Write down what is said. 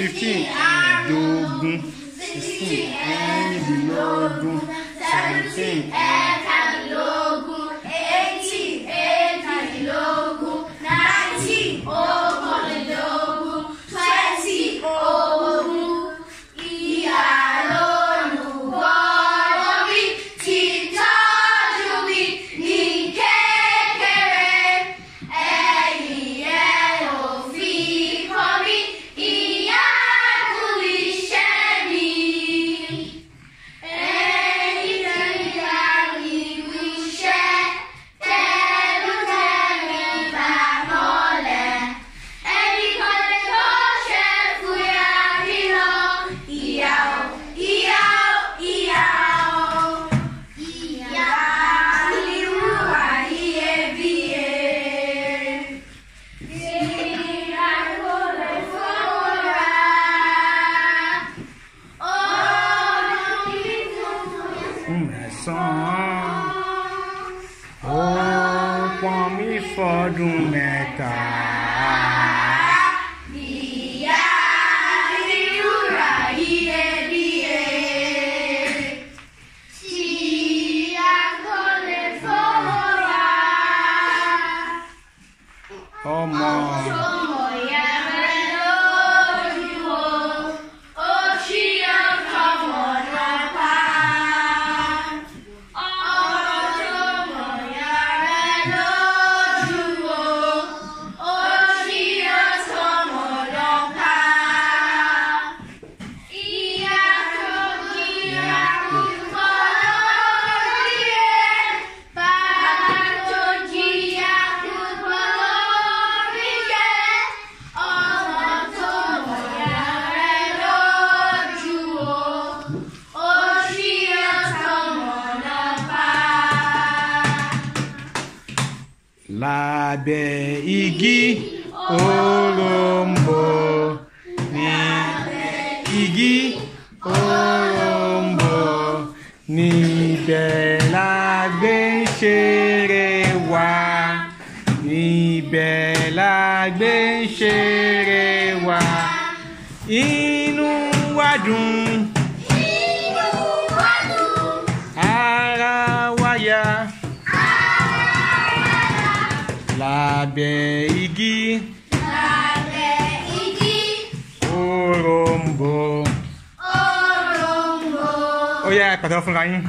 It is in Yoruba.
fifteen ẹ̀ẹ́dógún sixteen ẹ̀ẹ́rìndínlógún seventeen Oh, pão me for do metal. Oh, my. lábẹ́ igi òrom̀bó ní igi òrom̀bó níbẹ̀ la gbé ṣeré wa níbẹ̀ la gbé ṣeré wa inú wa dùn. labe igi labe igi orombo orombo oh ya yeah, telepon kain